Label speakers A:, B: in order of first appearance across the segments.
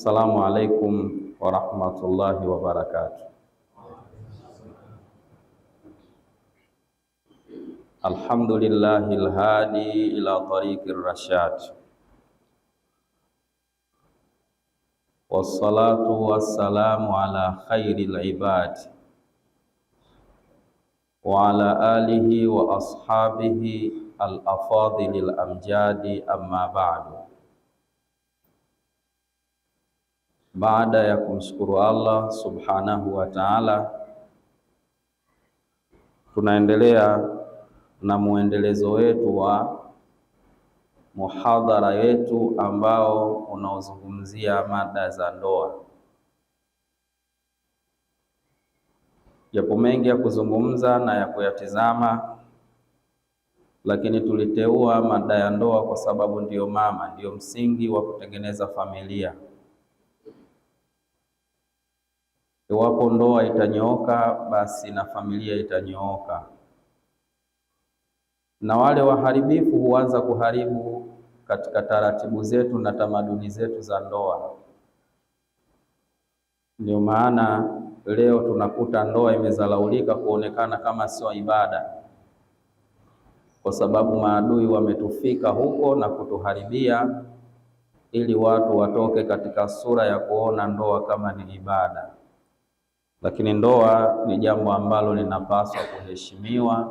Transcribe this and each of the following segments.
A: Assalamu alaikum warahmatullahi wabarakatuh. Alhamdulillahil hadi ila tariqir rasyad. Wassalatu wassalamu ala khairil ibad wa ala alihi wa ashabihi al-afadilil amjadi amma ba'du. Baada ya kumshukuru Allah subhanahu wa ta'ala, tunaendelea na muendelezo wetu wa muhadhara yetu ambao unaozungumzia mada za ndoa. Yapo mengi ya kuzungumza na ya kuyatizama, lakini tuliteua mada ya ndoa kwa sababu ndiyo mama, ndiyo msingi wa kutengeneza familia. Iwapo ndoa itanyooka, basi na familia itanyooka. Na wale waharibifu huanza kuharibu katika taratibu zetu na tamaduni zetu za ndoa. Ndio maana leo tunakuta ndoa imezalaulika kuonekana kama sio ibada, kwa sababu maadui wametufika huko na kutuharibia, ili watu watoke katika sura ya kuona ndoa kama ni ibada. Lakini ndoa ni jambo ambalo linapaswa kuheshimiwa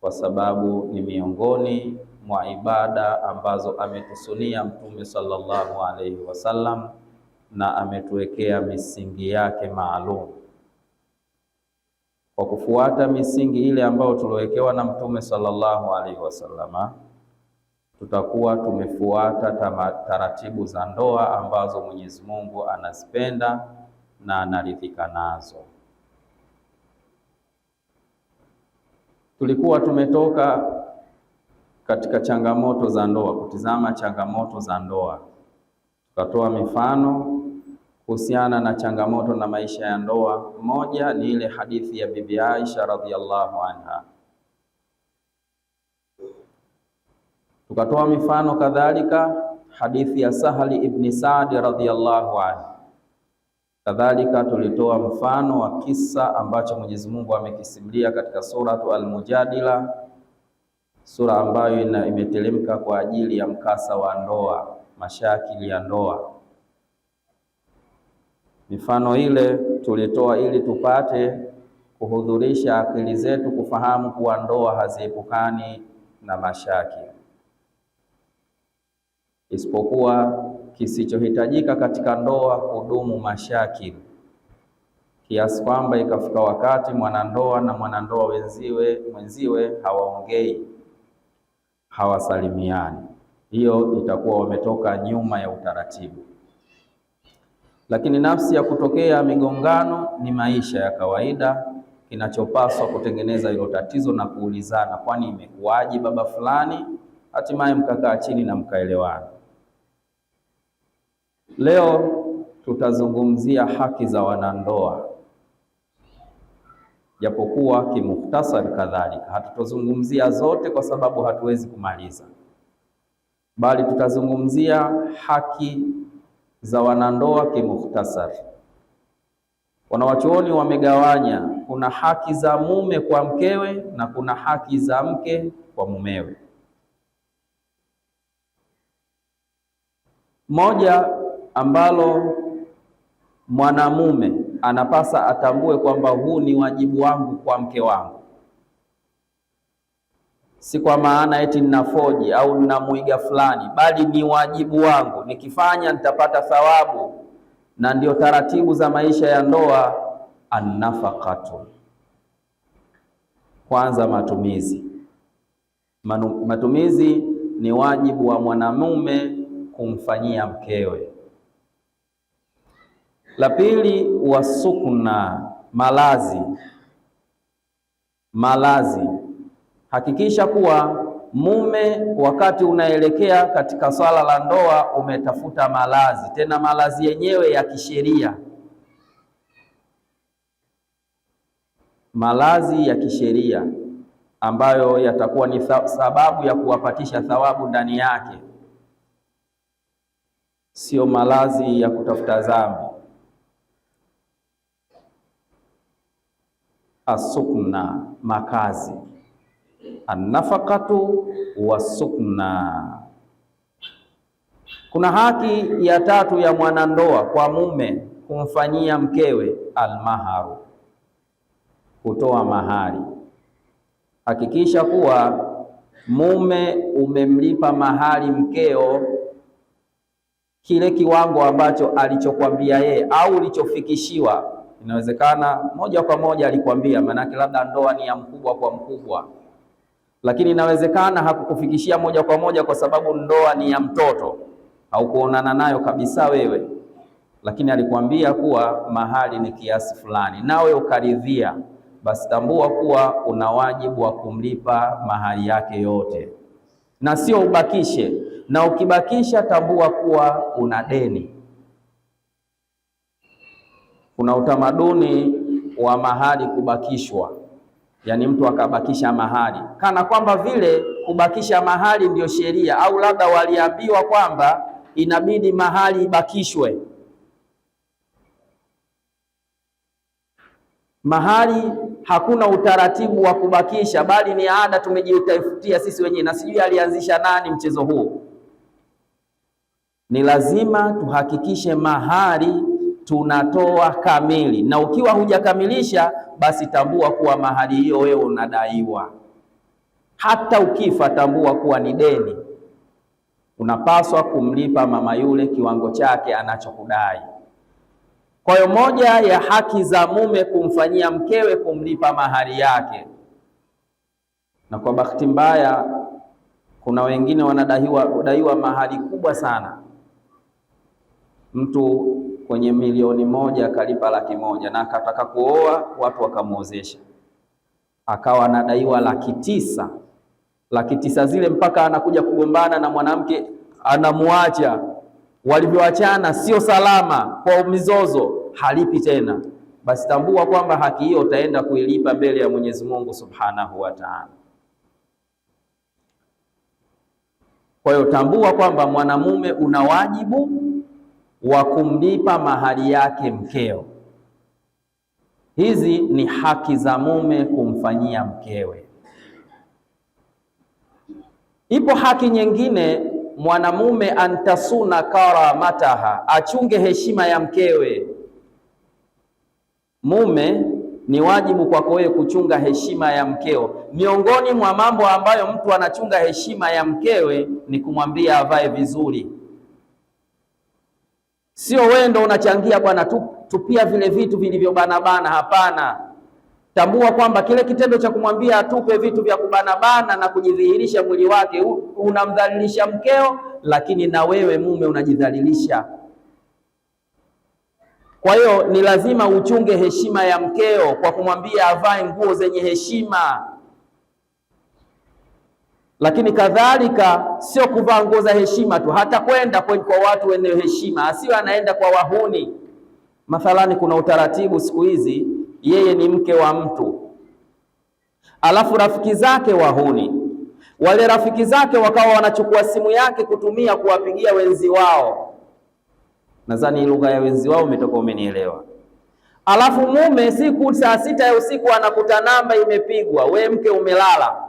A: kwa sababu ni miongoni mwa ibada ambazo ametusunia Mtume sallallahu alaihi wasallam na ametuwekea misingi yake maalum. Kwa kufuata misingi ile ambayo tuliowekewa na Mtume sallallahu alaihi wasallama, tutakuwa tumefuata taratibu za ndoa ambazo Mwenyezi Mungu anazipenda na anaridhika nazo. Tulikuwa tumetoka katika changamoto za ndoa, kutizama changamoto za ndoa, tukatoa mifano kuhusiana na changamoto na maisha ya ndoa. Moja ni ile hadithi ya Bibi Aisha radhiallahu anha. Tukatoa mifano kadhalika hadithi ya sahali ibni Saadi radhiallahu anhu Kadhalika tulitoa mfano wa kisa ambacho Mwenyezi Mungu amekisimulia katika suratu Al-Mujadila, sura ambayo ina imeteremka kwa ajili ya mkasa wa ndoa, mashakili ya ndoa. Mifano ile tulitoa ili tupate kuhudhurisha akili zetu kufahamu kuwa ndoa haziepukani na mashaki isipokuwa kisichohitajika katika ndoa hudumu mashakili, kiasi kwamba ikafika wakati mwanandoa na mwanandoa wenziwe mwenziwe hawaongei, hawasalimiani. Hiyo itakuwa wametoka nyuma ya utaratibu. Lakini nafsi ya kutokea migongano ni maisha ya kawaida. Kinachopaswa kutengeneza hilo tatizo na kuulizana, kwani imekuwaje baba fulani? Hatimaye mkakaa chini na mkaelewana. Leo tutazungumzia haki za wanandoa, japokuwa kimuhtasari kadhalika. Hatutozungumzia zote kwa sababu hatuwezi kumaliza, bali tutazungumzia haki za wanandoa kimuhtasari. Wanawachuoni wamegawanya, kuna haki za mume kwa mkewe na kuna haki za mke kwa mumewe. Moja ambalo mwanamume anapasa atambue kwamba huu ni wajibu wangu kwa mke wangu, si kwa maana eti ninafoji au ninamuiga fulani, bali ni wajibu wangu, nikifanya nitapata thawabu. Na ndio taratibu za maisha ya ndoa, annafaqatu kwanza matumizi Manu, matumizi ni wajibu wa mwanamume kumfanyia mkewe. La pili, wasukuna malazi. Malazi, hakikisha kuwa mume wakati unaelekea katika swala la ndoa umetafuta malazi, tena malazi yenyewe ya kisheria, malazi ya kisheria ambayo yatakuwa ni sababu ya kuwapatisha thawabu ndani yake, sio malazi ya kutafuta dhambi. asukna makazi, annafakatu wasukna. Kuna haki ya tatu ya mwanandoa kwa mume kumfanyia mkewe almaharu, kutoa mahari. Hakikisha kuwa mume umemlipa mahari mkeo kile kiwango ambacho alichokwambia yeye au ulichofikishiwa Inawezekana moja kwa moja alikwambia, maanake labda ndoa ni ya mkubwa kwa mkubwa, lakini inawezekana hakukufikishia moja kwa moja kwa sababu ndoa ni ya mtoto, haukuonana nayo kabisa wewe, lakini alikwambia kuwa mahali ni kiasi fulani, nawe ukaridhia, basi tambua kuwa una wajibu wa kumlipa mahali yake yote na sio ubakishe, na ukibakisha tambua kuwa una deni. Kuna utamaduni wa mahari kubakishwa, yaani mtu akabakisha mahari kana kwamba vile kubakisha mahari ndiyo sheria, au labda waliambiwa kwamba inabidi mahari ibakishwe. Mahari hakuna utaratibu wa kubakisha, bali ni ada tumejitafutia sisi wenyewe, na sijui alianzisha nani mchezo huu. Ni lazima tuhakikishe mahari tunatoa kamili, na ukiwa hujakamilisha basi tambua kuwa mahali hiyo wewe unadaiwa. Hata ukifa tambua kuwa ni deni, unapaswa kumlipa mama yule kiwango chake anachokudai. Kwa hiyo moja ya haki za mume kumfanyia mkewe kumlipa mahari yake, na kwa bahati mbaya kuna wengine wanadaiwa daiwa mahari kubwa sana mtu kwenye milioni moja akalipa laki moja na akataka kuoa watu wakamwozesha, akawa anadaiwa laki tisa. Laki tisa zile mpaka anakuja kugombana na mwanamke anamuacha, walivyoachana sio salama kwa mizozo, halipi tena. Basi tambua kwamba haki hiyo utaenda kuilipa mbele ya Mwenyezi Mungu Subhanahu wa Ta'ala. Kwa hiyo tambua kwamba mwanamume una wajibu wa kumlipa mahari yake mkeo. Hizi ni haki za mume kumfanyia mkewe. Ipo haki nyingine mwanamume, antasuna karamataha, achunge heshima ya mkewe. Mume ni wajibu kwako wewe kuchunga heshima ya mkeo. Miongoni mwa mambo ambayo mtu anachunga heshima ya mkewe ni kumwambia avae vizuri Sio wewe ndo unachangia bwana tu, tupia vile vitu vilivyobanabana. Hapana, tambua kwamba kile kitendo cha kumwambia atupe vitu vya kubanabana na kujidhihirisha mwili wake, unamdhalilisha mkeo, lakini na wewe mume unajidhalilisha. Kwa hiyo ni lazima uchunge heshima ya mkeo kwa kumwambia avae nguo zenye heshima. Lakini kadhalika sio kuvaa nguo za heshima tu, hata kwenda kwa watu wenye heshima, asiwe anaenda kwa wahuni. Mathalani, kuna utaratibu siku hizi, yeye ni mke wa mtu, alafu rafiki zake wahuni wale rafiki zake wakawa wanachukua simu yake kutumia kuwapigia wenzi wao. Nadhani lugha ya wenzi wao umetoka, umenielewa. Alafu mume siku saa sita ya usiku anakuta namba imepigwa, we mke umelala.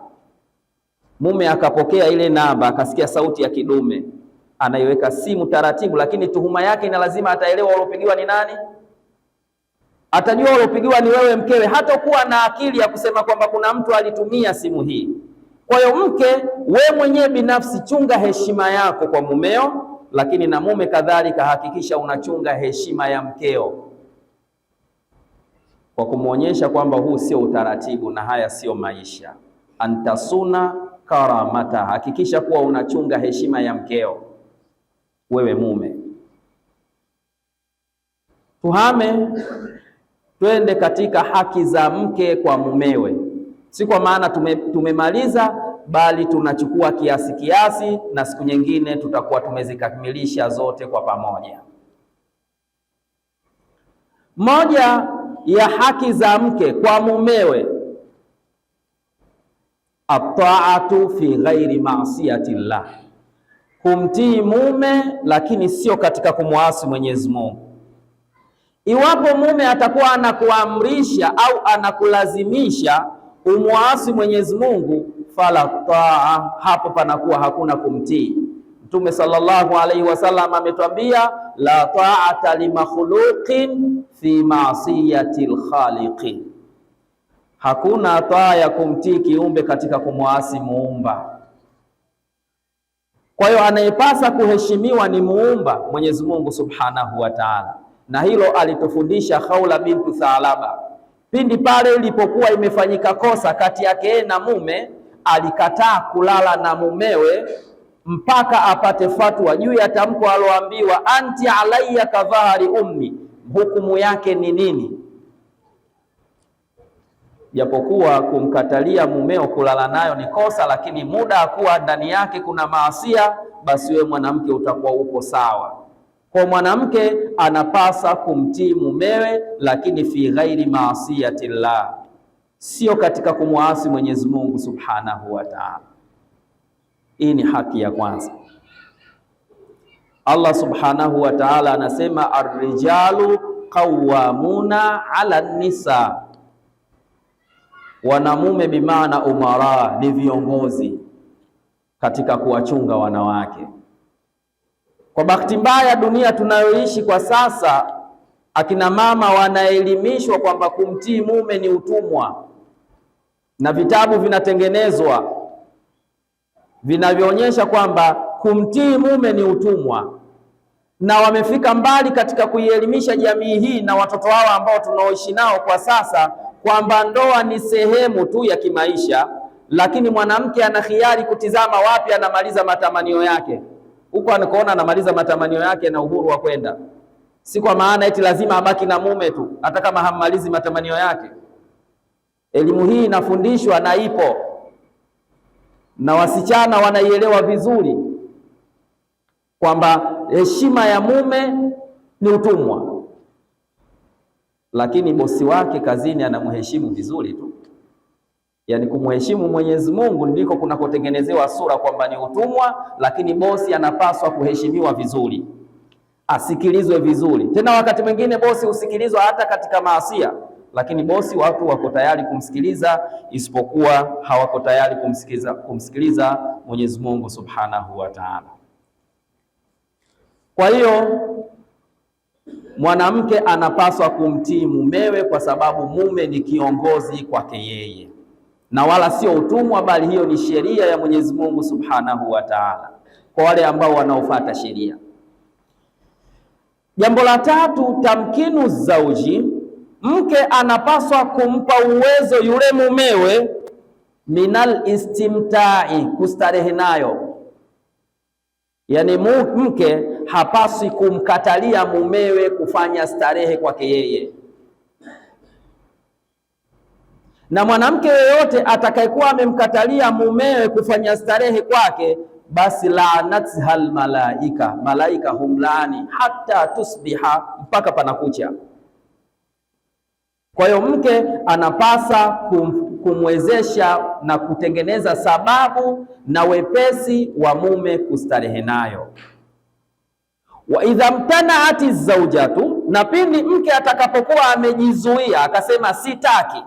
A: Mume akapokea ile namba, akasikia sauti ya kidume, anaiweka simu taratibu, lakini tuhuma yake, na lazima ataelewa waliopigiwa ni nani, atajua waliopigiwa ni wewe mkewe. Hata kuwa na akili ya kusema kwamba kuna mtu alitumia simu hii. Kwa hiyo, mke, we mwenyewe binafsi chunga heshima yako kwa mumeo, lakini na mume kadhalika, hakikisha unachunga heshima ya mkeo kwa kumwonyesha kwamba huu sio utaratibu na haya sio maisha antasuna karamata, hakikisha kuwa unachunga heshima ya mkeo, wewe mume. Tuhame twende katika haki za mke kwa mumewe, si kwa maana tume, tumemaliza bali tunachukua kiasi kiasi, na siku nyingine tutakuwa tumezikamilisha zote kwa pamoja. Moja ya haki za mke kwa mumewe Ataatu fi ghairi maasiyati llah, kumtii mume lakini sio katika kumwasi Mwenyezi Mungu. Iwapo mume atakuwa anakuamrisha au anakulazimisha umwasi Mwenyezi Mungu, fala taa, hapo panakuwa hakuna kumtii. Mtume sallallahu alaihi wasallam ametwambia, la taata limakhluqin fi maasiyati lkhaliqi Hakuna taa ya kumtii kiumbe katika kumwasi muumba. Kwa hiyo anayepasa kuheshimiwa ni muumba Mwenyezi Mungu Subhanahu wa Ta'ala, na hilo alitufundisha Khawla bintu Thalaba pindi pale ilipokuwa imefanyika kosa kati yake na mume. Alikataa kulala na mumewe mpaka apate fatwa juu ya tamko aloambiwa, anti alayya kadhahari ummi, hukumu yake ni nini? Japokuwa kumkatalia mumeo kulala nayo ni kosa, lakini muda akuwa ndani yake kuna maasia, basi wewe mwanamke utakuwa uko sawa. Kwa mwanamke anapasa kumtii mumewe, lakini fi ghairi llah, sio katika kumwasi Mwenyezi Mungu Subhanahu wa Ta'ala. Hii ni haki ya kwanza. Allah Subhanahu wa Ta'ala anasema, ar-rijalu qawwamuna 'ala nisa Wanamume bimaana umara ni viongozi katika kuwachunga wanawake. Kwa bahati mbaya, dunia tunayoishi kwa sasa, akina mama wanaelimishwa kwamba kumtii mume ni utumwa, na vitabu vinatengenezwa vinavyoonyesha kwamba kumtii mume ni utumwa, na wamefika mbali katika kuielimisha jamii hii na watoto wao ambao tunaoishi nao kwa sasa kwamba ndoa ni sehemu tu ya kimaisha, lakini mwanamke ana hiari kutizama wapi anamaliza matamanio yake, huko anakoona anamaliza matamanio yake na uhuru wa kwenda, si kwa maana eti lazima abaki na mume tu, hata kama hammalizi matamanio yake. Elimu hii inafundishwa na ipo na wasichana wanaielewa vizuri kwamba heshima ya mume ni utumwa lakini bosi wake kazini anamheshimu vizuri tu. Yaani kumheshimu Mwenyezi Mungu ndiko kunakotengenezewa sura kwamba ni utumwa, lakini bosi anapaswa kuheshimiwa vizuri, asikilizwe vizuri. Tena wakati mwingine bosi husikilizwa hata katika maasia, lakini bosi watu wako tayari kumsikiliza, isipokuwa hawako tayari kumsikiliza, kumsikiliza Mwenyezi Mungu Subhanahu wa Ta'ala. Kwa hiyo mwanamke anapaswa kumtii mumewe, kwa sababu mume ni kiongozi kwake yeye, na wala sio utumwa, bali hiyo ni sheria ya Mwenyezi Mungu Subhanahu wa Ta'ala, kwa wale ambao wanaofuata sheria. Jambo la tatu, tamkinu zauji, mke anapaswa kumpa uwezo yule mumewe minal istimtai, kustarehe nayo Yaani mke hapasi kumkatalia mumewe kufanya starehe kwake yeye, na mwanamke yeyote atakayekuwa amemkatalia mumewe kufanya starehe kwake, basi la almalaika, malaika humlaani hata tusbiha, mpaka panakucha. Kwa hiyo mke anapasa kum kumwezesha na kutengeneza sababu na wepesi wa mume kustarehe nayo. wa idha mtanaati zaujatu, na pindi mke atakapokuwa amejizuia akasema sitaki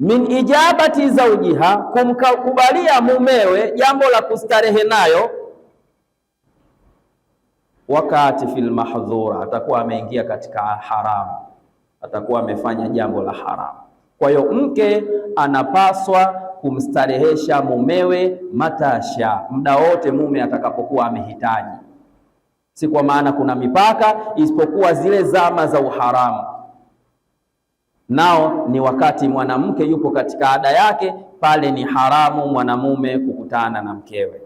A: min ijabati zaujiha, kumkubalia mumewe jambo la kustarehe nayo. Wakati fil mahdhura, atakuwa ameingia katika haramu, atakuwa amefanya jambo la haramu. Kwa hiyo mke anapaswa kumstarehesha mumewe matasha muda wote mume atakapokuwa amehitaji, si kwa maana kuna mipaka, isipokuwa zile zama za uharamu, nao ni wakati mwanamke yupo katika ada yake, pale ni haramu mwanamume kukutana na mkewe.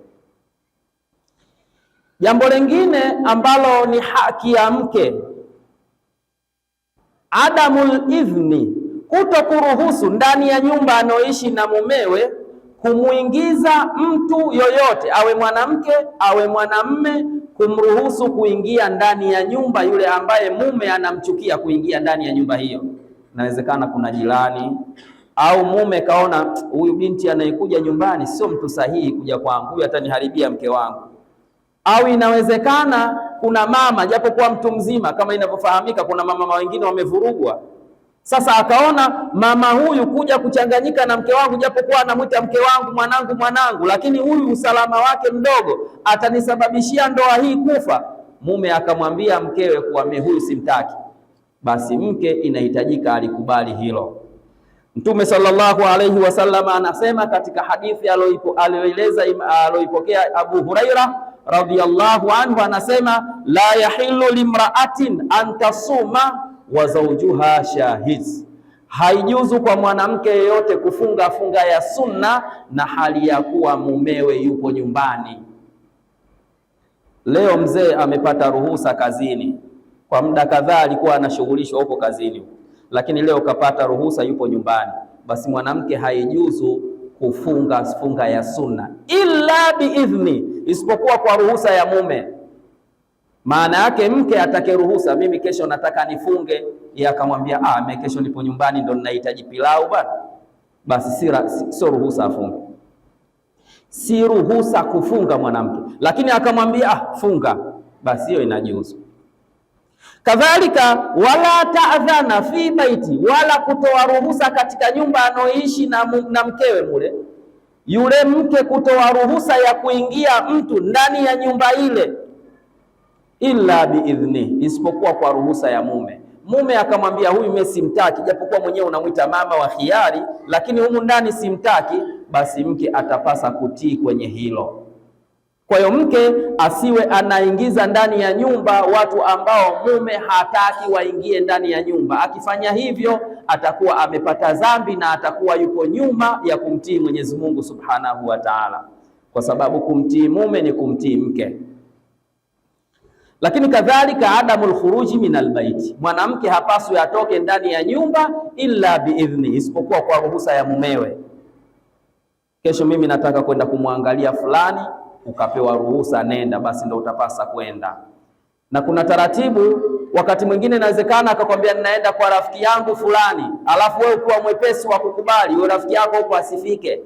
A: Jambo lingine ambalo ni haki ya mke adamul idhni kuto kuruhusu ndani ya nyumba anaoishi na mumewe kumwingiza mtu yoyote, awe mwanamke awe mwanamme, kumruhusu kuingia ndani ya nyumba yule ambaye mume anamchukia kuingia ndani ya nyumba hiyo. Inawezekana kuna jirani au mume kaona huyu binti anayekuja nyumbani sio mtu sahihi kuja kwangu, huyu ataniharibia mke wangu. Au inawezekana kuna mama, japo mtu mzima, kama inavyofahamika, kuna mama wengine wamevurugwa sasa akaona mama huyu kuja kuchanganyika na mke wangu, japokuwa anamwita mke wangu mwanangu, mwanangu, lakini huyu usalama wake mdogo atanisababishia ndoa hii kufa. Mume akamwambia mkewe kuwa mimi huyu simtaki. Basi mke inahitajika alikubali hilo. Mtume sallallahu alayhi wasallam anasema katika hadithi aliyoeleza aliyoipokea Abu Huraira radhiyallahu anhu, anasema la yahilu limraatin an tasuma wa zaujuha shahid, haijuzu kwa mwanamke yeyote kufunga funga ya sunna na hali ya kuwa mumewe yupo nyumbani. Leo mzee amepata ruhusa kazini, kwa muda kadhaa alikuwa anashughulishwa huko kazini, lakini leo kapata ruhusa, yupo nyumbani. Basi mwanamke haijuzu kufunga funga ya sunna illa biidhni, isipokuwa kwa ruhusa ya mume. Maana yake mke atake ruhusa, mimi kesho nataka nifunge. Yeye akamwambia ah, mimi kesho nipo nyumbani, ndo ninahitaji pilau bana. Basi sio si ruhusa afunge, si ruhusa kufunga mwanamke, lakini akamwambia ah, funga, basi hiyo inajuzu. Kadhalika wala taadhana fi baiti, wala kutoa ruhusa katika nyumba anaoishi na, na mkewe mule, yule mke kutoa ruhusa ya kuingia mtu ndani ya nyumba ile illa biidhni, isipokuwa kwa ruhusa ya mume. Mume akamwambia huyu mimi simtaki, japokuwa mwenyewe unamwita mama wa khiari, lakini humu ndani simtaki, basi mke atapasa kutii kwenye hilo. Kwa hiyo mke asiwe anaingiza ndani ya nyumba watu ambao mume hataki waingie ndani ya nyumba. Akifanya hivyo atakuwa amepata dhambi na atakuwa yuko nyuma ya kumtii Mwenyezi Mungu Subhanahu wa Ta'ala, kwa sababu kumtii mume ni kumtii mke. Lakini kadhalika adamu lkhuruji min albaiti, mwanamke hapaswi atoke ndani ya nyumba illa biidhni, isipokuwa kwa ruhusa ya mumewe. Kesho mimi nataka kwenda kumwangalia fulani, ukapewa ruhusa, nenda basi, ndo utapasa kwenda. Na kuna taratibu, wakati mwingine inawezekana akakwambia ninaenda kwa rafiki yangu fulani, alafu wewe ukiwa mwepesi wa kukubali, wewe rafiki yako huko asifike,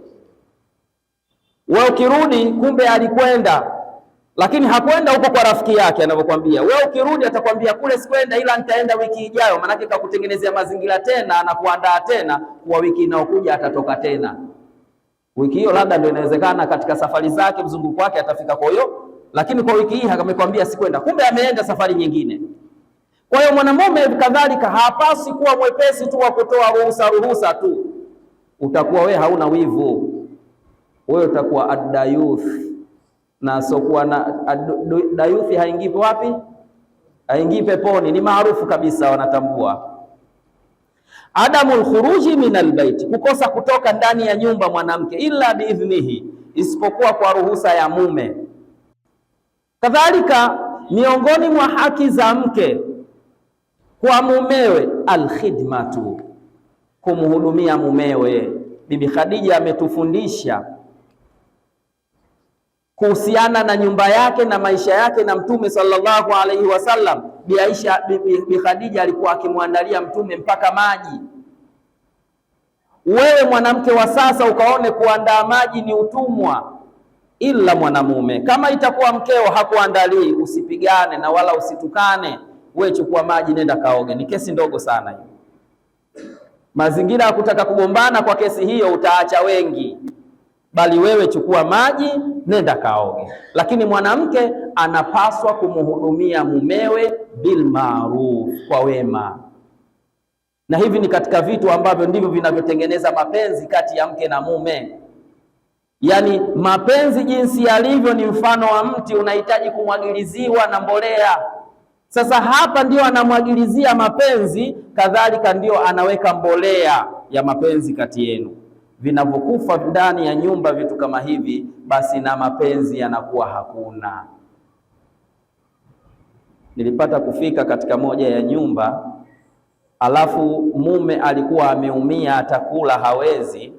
A: wewe ukirudi, kumbe alikwenda lakini hakwenda huko kwa rafiki yake anavyokwambia wewe. Ukirudi atakwambia kule sikwenda, ila nitaenda wiki ijayo, maanake kakutengenezea mazingira tena na kuandaa tena kwa wiki inayokuja atatoka tena. Wiki hiyo labda ndio inawezekana katika safari zake, mzunguko wake atafika kwa hiyo, lakini kwa wiki hii amekwambia sikwenda, kumbe ameenda safari nyingine. Kwa hiyo mwanamume kadhalika hapasi kuwa mwepesi tu wa kutoa ruhusa ruhusa tu, utakuwa wewe hauna wivu, wewe utakuwa addayuth na sokuwa na dayuthi haingii wapi? Haingii peponi. Ni maarufu kabisa, wanatambua Adamu lkhuruji min albaiti, kukosa kutoka ndani ya nyumba mwanamke, illa biidhnihi, isipokuwa kwa ruhusa ya mume. Kadhalika, miongoni mwa haki za mke kwa mumewe, alkhidmatu, kumhudumia mumewe. Bibi Khadija ametufundisha kuhusiana na nyumba yake na maisha yake na Mtume sallallahu alaihi wasallam. Bi Aisha Bi Khadija alikuwa akimwandalia Mtume mpaka maji. Wewe mwanamke wa sasa ukaone kuandaa maji ni utumwa, ila mwanamume kama itakuwa mkeo hakuandalii, usipigane na wala usitukane. Wewe chukua maji, nenda kaoge. Ni kesi ndogo sana hiyo. Mazingira ya kutaka kugombana kwa kesi hiyo utaacha wengi bali wewe chukua maji, nenda kaoge. Lakini mwanamke anapaswa kumhudumia mumewe bil ma'ruf, kwa wema. Na hivi ni katika vitu ambavyo ndivyo vinavyotengeneza mapenzi kati ya mke na mume. Yaani mapenzi jinsi yalivyo ni mfano wa mti unahitaji kumwagiliziwa na mbolea. Sasa hapa ndio anamwagilizia mapenzi, kadhalika ndio anaweka mbolea ya mapenzi kati yenu. Vinavyokufa ndani ya nyumba vitu kama hivi, basi na mapenzi yanakuwa hakuna. Nilipata kufika katika moja ya nyumba, alafu mume alikuwa ameumia, atakula hawezi,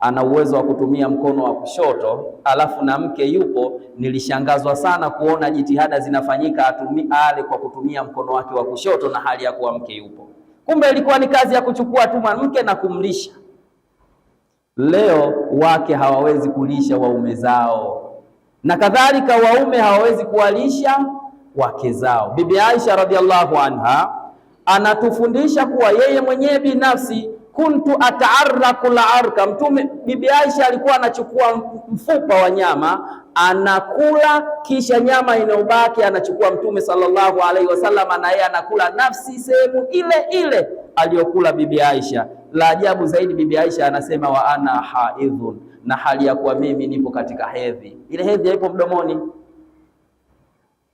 A: ana uwezo wa kutumia mkono wa kushoto, alafu na mke yupo. Nilishangazwa sana kuona jitihada zinafanyika atumi ale kwa kutumia mkono wake wa kushoto na hali ya kuwa mke yupo. Kumbe ilikuwa ni kazi ya kuchukua tu mwanamke na kumlisha leo wake hawawezi kulisha waume zao, na kadhalika waume hawawezi kuwalisha wake zao. Bibi Aisha radhiallahu anha anatufundisha kuwa yeye mwenyewe binafsi kuntu ataarraku laarka, Mtume Bibi Aisha alikuwa anachukua mfupa wa nyama anakula, kisha nyama inayobaki anachukua Mtume sallallahu alaihi wasallam, na yeye anakula nafsi sehemu ile ile aliyokula Bibi Aisha. La ajabu zaidi, Bibi Aisha anasema wa ana haidhun, na hali ya kuwa mimi nipo katika hedhi. Ile hedhi haipo mdomoni.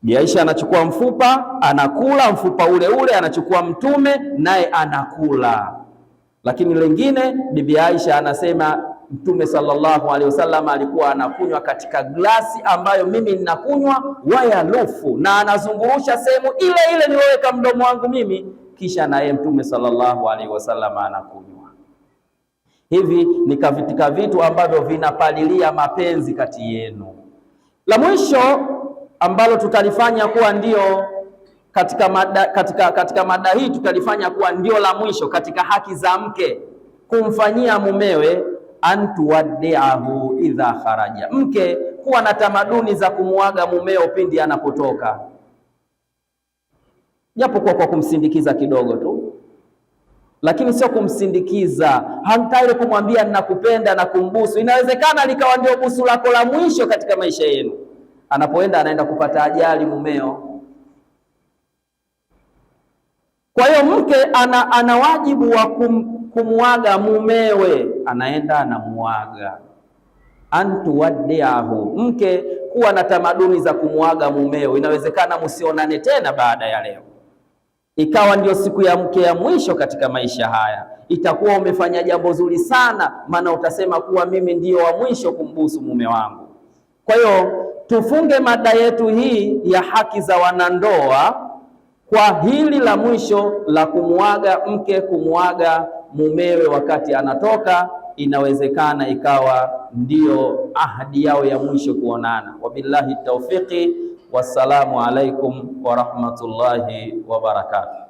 A: Bibi Aisha anachukua mfupa anakula, mfupa ule ule anachukua Mtume naye anakula lakini lengine, Bibi Aisha anasema Mtume sallallahu alaihi wasallam alikuwa anakunywa katika glasi ambayo mimi ninakunywa wayalufu, na anazungurusha sehemu ile ile niloweka mdomo wangu mimi, kisha naye Mtume sallallahu alaihi wasallam anakunywa hivi. Ni kavitika vitu ambavyo vinapalilia mapenzi kati yenu. La mwisho ambalo tutalifanya kuwa ndio katika mada, katika, katika mada hii tutalifanya kuwa ndio la mwisho katika haki za mke kumfanyia mumewe antuwaddiahu idha kharaja, mke kuwa na tamaduni za kumuaga mumeo pindi anapotoka, japokuwa kwa kumsindikiza kidogo tu, lakini sio kumsindikiza hantare kumwambia ninakupenda na kumbusu. Inawezekana likawa ndio busu lako la mwisho katika maisha yenu. Anapoenda anaenda kupata ajali mumeo Kwa hiyo mke ana, ana wajibu wa kum, kumuaga mumewe, anaenda anamuaga antuwaddiahu, mke kuwa na tamaduni za kumuaga mumeo. Inawezekana msionane tena baada ya leo, ikawa ndio siku ya mke ya mwisho katika maisha haya. Itakuwa umefanya jambo zuri sana, maana utasema kuwa mimi ndio wa mwisho kumbusu mume wangu. Kwa hiyo tufunge mada yetu hii ya haki za wanandoa kwa hili la mwisho la kumuaga mke kumuaga mumewe wakati anatoka, inawezekana ikawa ndiyo ahadi yao ya mwisho kuonana. Wabillahi tawfiki, wassalamu alaikum warahmatullahi barakatuh.